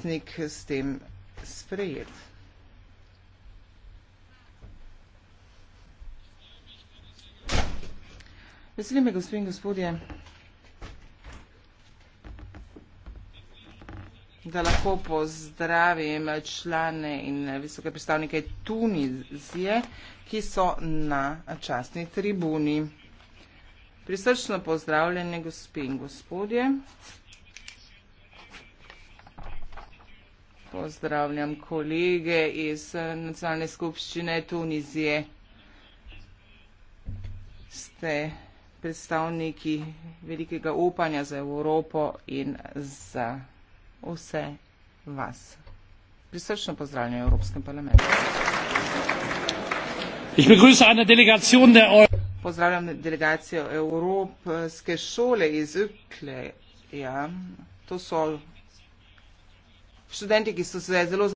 svetnik s tem sprejet. Veselim me, gospod in gospodje, da lahko pozdravim člane in visoke predstavnike Tunizije, ki so na častni tribuni. Prisrčno pozdravljeni, gospod in gospodje. Pozdravljam kolege iz eh, nacionalne skupščine Tunizije. Ste predstavniki velikega upanja za Evropo in za vse vas. Prisrčno pozdravljam v Evropskem parlamentu. Pozdravljam delegacijo Evropske šole iz Ukle. Ja, to so študenti, ki so se zelo